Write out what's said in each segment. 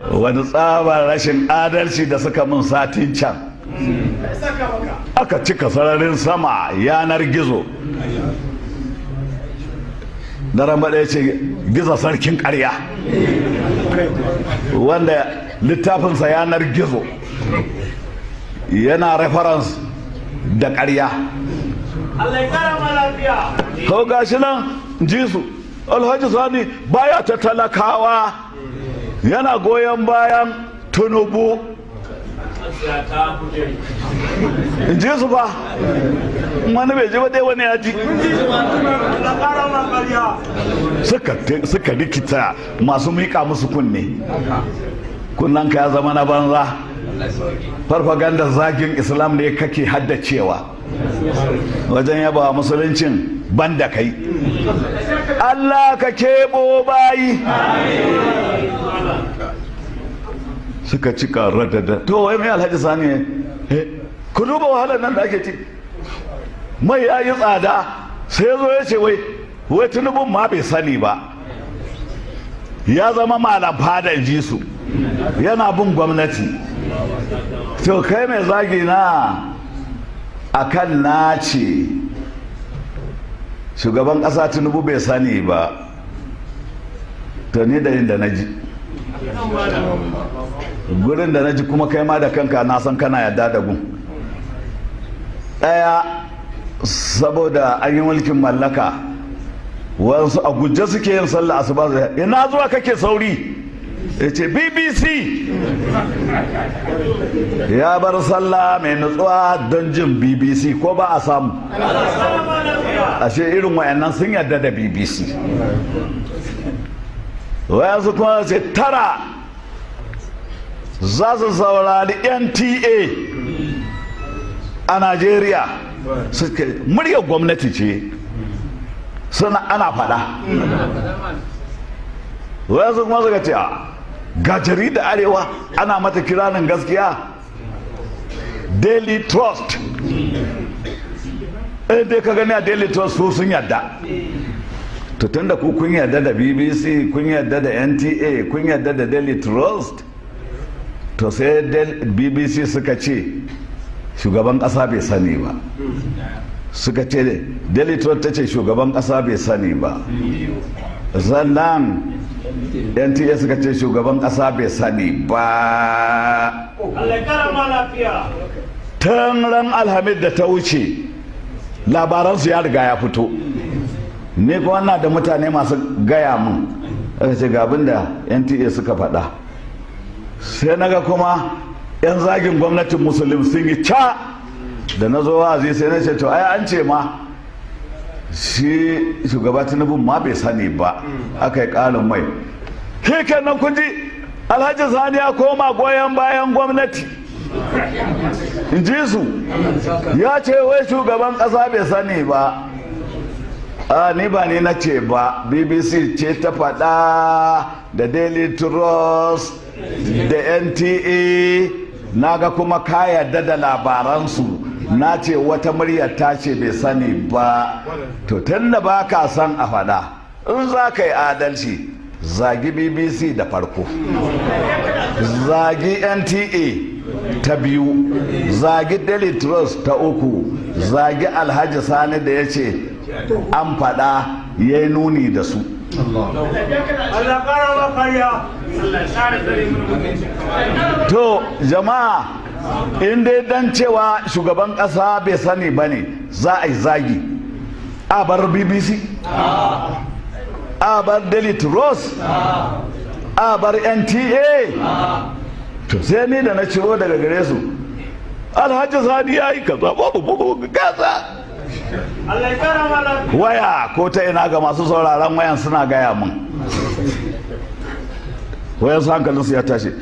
wani tsabar rashin adalci da suka mun satin can aka cika sararin sama yanar gizo daren baɗaya ce gizo sarkin karya. wanda littafinsa yanar gizo yana reference da karya. kau gashi nan jisu alhaji sani baya ta talakawa yana goyon bayan tunubu in ji su ba wani bai ji ba dai wani ya ji suka rikita masu mika musu kunne kunnanka ya zama na banza farfaganda zagin islam ne kake haddacewa wajen yaba musuluncin ban da kai Allah ka keɓo bayi suka cika radada to wai mai alhaji sani ku duba wahalar nan da ake ci mai ya yi tsada sai zo ya ce wai wai tunubin ma bai sani ba ya zama malam fada Jisu. su yana bin gwamnati to kai mai zagi na akan na ce shugaban ƙasa tinubu bai sani ba to ni dalilin da na ji gurin da na ji kuma kai ma da kanka na san kana yadda da gun ɗaya saboda an yi mulkin mallaka wasu a guje suke yin sallah asuba ina zuwa kake sauri ya ce bbc ya bar sallah mai nutsuwa don jin bbc ko ba a samu a ce irin wayannan sun yarda da bbc su kuma ce tara za su saurari nta a najeriya muryar gwamnati ce suna ana fada su kuma suka ce ga jarida arewa ana mata kiranin gaskiya daily trust ɗaya eh, dai ka gani a daily trust su sun yadda to tunda ku kun yarda da bbc kun yarda da nta kun yarda da daily trust to sai bbc suka ce shugaban kasa bai sani ba suka ce daily trust ta ce shugaban kasa bai sani ba sannan NTA suka ce shugaban ƙasa bai sani ba tun ran alhamis da ta wuce labaransu ya riga ya fito Ni kuma na da mutane masu gaya mun aka ce ga da nta suka faɗa sai na ga kuma 'yan zagin gwamnatin musulun sun yi ca da na zo wa'azi sai na ce to ai an ce ma shi shugaba tinubu ma bai sani ba aka yi ƙarin mai shi kenan Kunji alhaji sani ya koma goyon bayan gwamnati in ji su ya ce wai shugaban ƙasa bai sani ba a ni ba ni na ce ba bbc ce ta faɗa da daily trust da nta e, na ga kuma ka yarda da labaransu na ce wata muryar ta ce bai sani ba to tunda ba ka san a fada. in za ka yi adalci zagi bbc da farko zagi nta ta biyu zagi daily trust ta uku zagi alhaji sani da ya ce an fada. ya yi nuni da su to jama'a in dai dan cewa shugaban kasa bai sani ba ne za a yi zagi a bar bbc a bar delit rose a bar nta to sai ni da na ciro daga gare su alhaji sani ya yi kaza waya ko ta ina ga masu sauraron wayan suna gaya min wayan su hankalinsu ya tashi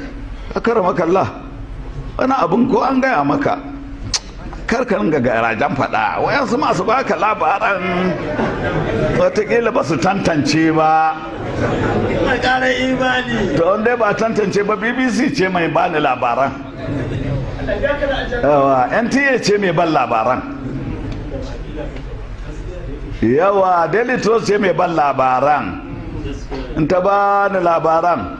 a kara makalla wani abin ko an gaya maka karkarin ga garajen faɗa wayansu masu baka labaran watakila ba su tantance ba to wanda ba tantance ba bbc ce mai bani labaran nta ce mai ban labaran yawa daily trust ce mai ban labaran in ta ba ni labaran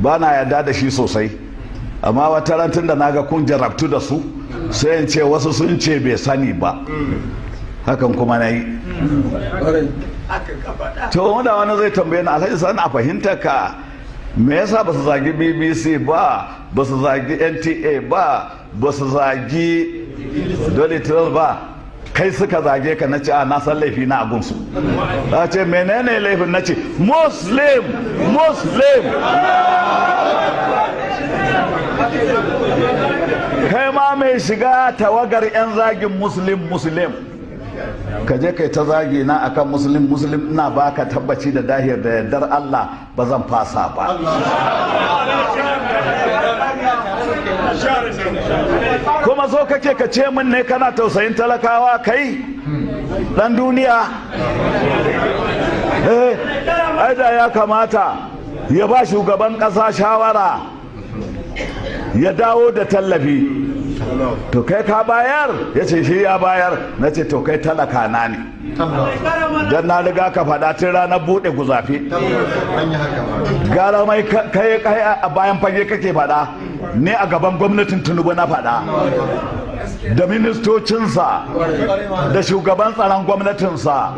ba na yarda da shi sosai amma wata rantar da naga kun jarabtu da su sai in ce wasu sun ce bai sani ba hakan kuma na yi to wanda wani zai tambaye na alhaji san a fahimta ka me yasa ba su zagi bbc ba ba su zagi nta ba ba su zagi dole ba kai suka zage ka na a na san laifi na su. a ce menene laifin nace muslim muslim kai ma mai shiga tawagar 'yan zagin muslim muslim ka je kai ta zagi na akan muslim muslim ina baka tabbaci da dahir da yardar Allah ba zan fasa ba kuma so kake ka ce min ne kana tausayin talakawa kai dan duniya eh da ya kamata ya ba shugaban kasa shawara ya dawo da tallafi to kai ka bayar ya ce shi ya bayar na ce to kai talaka na ne don na riga ka faɗa tun ranar buɗe guzafi gara mai kai a bayan fage kake faɗa ne a gaban gwamnatin tinubu na faɗa da ministocinsa da shugaban tsaron gwamnatinsa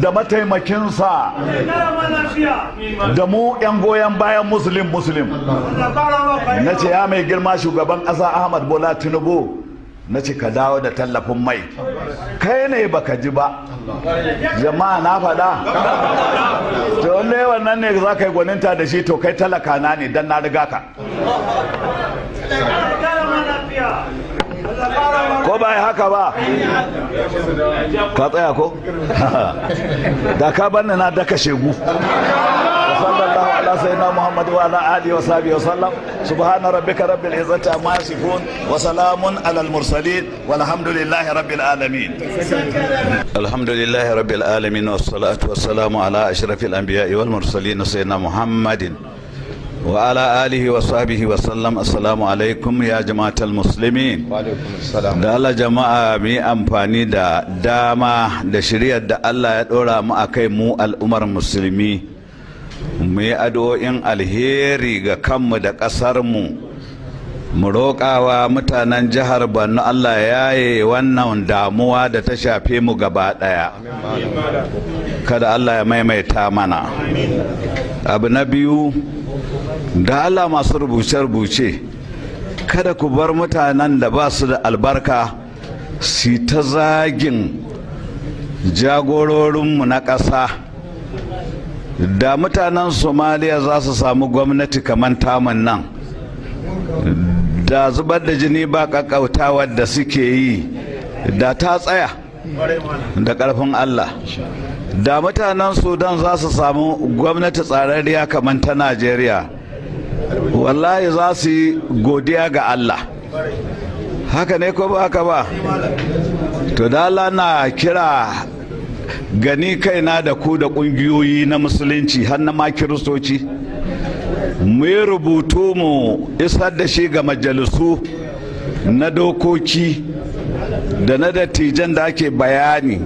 da mataimakinsa da mu 'yan goyon bayan musulun musulun na ce ya mai girma shugaban ƙasa ahmad bola tinubu na ce ka dawo da tallafin mai kai ne baka ji ba jama'a na faɗa to yawan wannan ne za ka yi gwaninta da shi to kai talaka na ne don na riga ka ko ba haka ba ka tsaya ko da ka banna na daka shegu على سيدنا محمد وعلى آله وصحبه وسلم سبحان ربك رب العزة عما يصفون وسلام على المرسلين والحمد لله رب العالمين الحمد لله رب العالمين والصلاة والسلام على أشرف الأنبياء والمرسلين سيدنا محمد وعلى آله وصحبه وسلم السلام عليكم يا جماعة المسلمين da Allah jama'a mu yi amfani da dama da shirya da Allah ya ɗora mu a kai mu al'ummar musulmi mu yi addu'o'in alheri ga kanmu da ƙasarmu mu roƙawa mutanen jihar Borno Allah ya yi wannan damuwa da ta shafe mu gaba ɗaya kada Allah ya maimaita mana abu na biyu da Allah masu rubuce-rubuce kada ku bar mutanen da ba su da albarka su ta zagin jagororinmu na ƙasa da mutanen somaliya za su samu gwamnati kamar taman nan da zubar da jini ba kakkautawa da suke yi da ta tsaya da ƙarfin allah da mutanen sudan za su samu gwamnati tsararriya kamar ta najeriya wallahi za su yi godiya ga allah haka ne ko ba haka ba to da na kira gani kaina da ku da ƙungiyoyi na musulunci har na ma kiristoci mu yi rubutu mu isar da shi ga majalisu na dokoki da na dattijan da ake bayani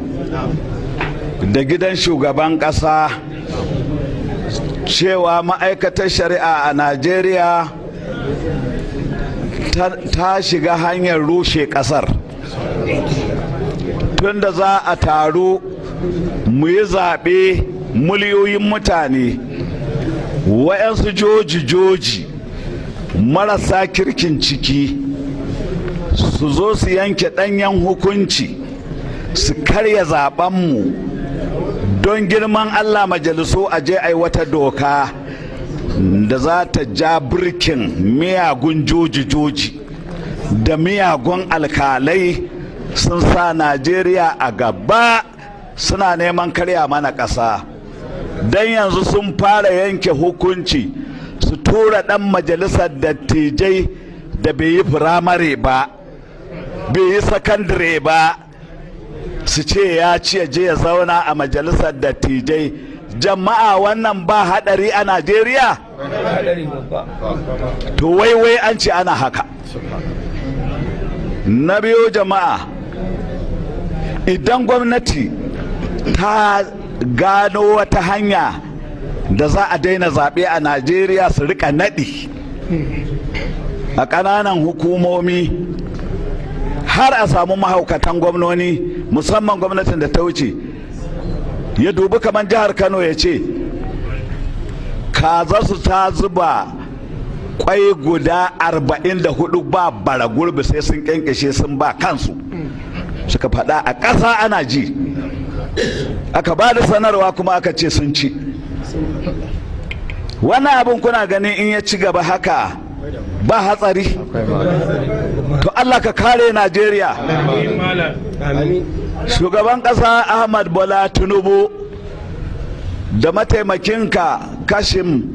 da gidan shugaban ƙasa cewa ma'aikatar shari'a a najeriya ta shiga hanyar rushe ƙasar tunda za a taru mu yi zaɓe miliyoyin mutane wa'yansu joji-joji marasa kirkin ciki su zo su yanke ɗanyen hukunci su karya zaɓenmu don girman allah majalisu a je a wata doka da za ta ja birkin miyagun joji-joji da miyagun alkalai sun sa najeriya a gaba suna neman karya mana ƙasa don yanzu sun fara yanke hukunci su tura ɗan majalisar dattijai da bai yi firamare ba bai yi sakandare ba su ce ya ce je ya zauna a majalisar dattijai jama'a wannan ba haɗari a najeriya to wai wai an ce ana haka na biyo jama'a idan gwamnati ta gano wata hanya da za a daina zaɓe a najeriya su rika naɗi a ƙananan hukumomi har a samu mahaukatan gwamnoni musamman gwamnatin da ta wuce ya dubi kamar jihar kano ya ce kaza su ta zuba kwai guda 44 ba bara gurbi sai sun kyankyashe sun ba kansu suka faɗa a ƙasa ana ji aka ba da sanarwa kuma aka ce sun ci wani abin kuna ganin in ya ci gaba haka ba hatsari to Allah ka kare Najeriya shugaban ƙasa Ahmad Bola Tinubu da mataimakinka Kashim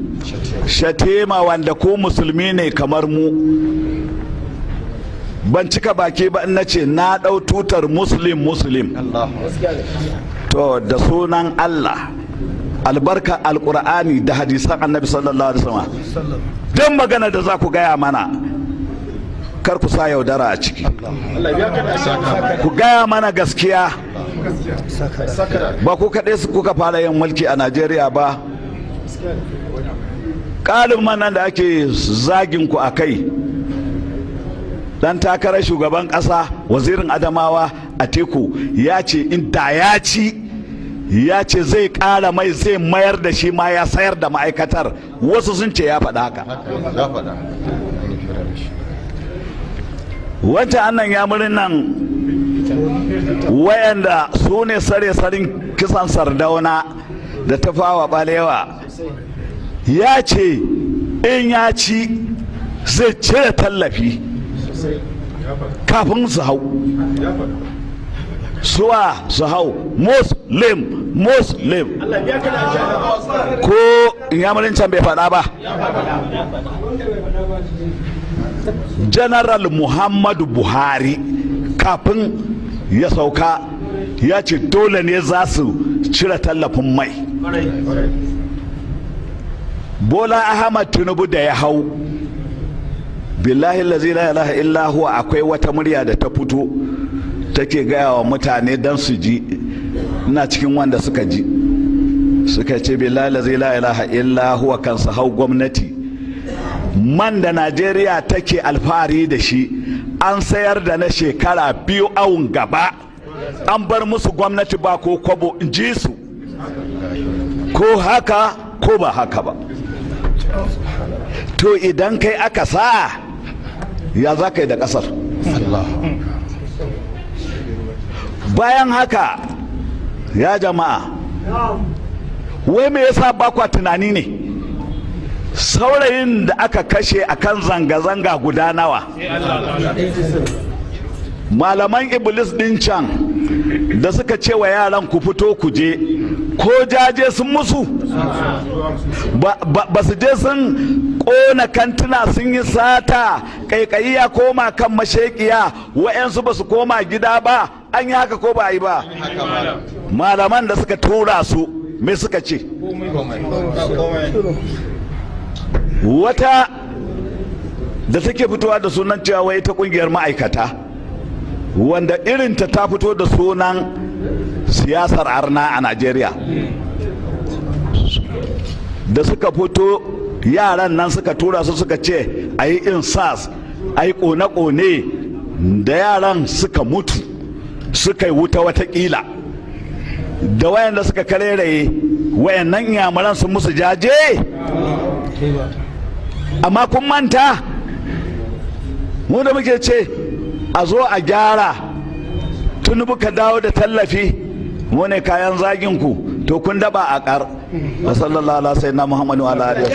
Shatima wanda ko musulmi ne kamar mu ban cika baki ba na ce na ɗau tutar muslim muslim to da sunan allah albarka alkur'ani da hadisan annabi sallallahu alaihi wasallam don magana da za ku gaya mana kar ku sa yaudara a ciki ku gaya mana gaskiya ba ku kaɗai su kuka fara yin mulki a najeriya ba kalin nan da ake zagin ku a kai dan takarar shugaban ƙasa wazirin adamawa a teku ya ce in da ya ci ya ce zai ƙara mai zai mayar da shi ma ya sayar da ma'aikatar wasu sun ce ya faɗa haka wancan annan yamurin nan wayanda su ne sare-sarin kisan sardauna da ta tafawa balewa ya ce in ya ci zai cire tallafi kafin su hau suwa su hau muslim muslim ko yamarin can bai faɗa ba general muhammadu buhari kafin ya sauka ya ce dole ne za su cire tallafin mai bola ahmad tinubu da ya hau billahi lazi la ilaha illa huwa akwai wata murya da ta fito take gaya wa mutane dan su ji ina cikin wanda suka ji suka ce billahi lazi la ilaha illa huwa kansa hau gwamnati man da najeriya take alfahari da shi an sayar da na shekara biyu awun gaba an bar musu gwamnati ba ko kwabo in ji su ko haka ko ba haka ba to idan kai aka sa ya za ka yi da ƙasar bayan haka ya jama'a wai me yasa ba tunani ne saurayin da aka kashe a kan zanga-zanga guda nawa malaman iblis din can da suka ce wa yaran ku fito ku je ko jaje sun musu ba su je sun kona kantuna sun yi sata kaikayi ya koma kan mashekiya wa'yansu ba su koma gida ba an yi haka ko ba yi ba malaman da suka tura su me suka ce wata da take fitowa da sunan cewa wai ta kungiyar ma'aikata wanda irinta ta fito da sunan siyasar arna a najeriya da suka fito yaran nan suka tura su suka ce a yi insas a yi kone-kone da yaran suka mutu suka yi wuta watakila da wayanda suka kareraye wayannan yamuran sun musu jaje amma kun manta mu da muke ce a zo a gyara tunubu muka dawo da tallafi mu ne kayan zaginku to kun daba a kar wa sallallahu alaihi wa sallam muhammadu ala alihi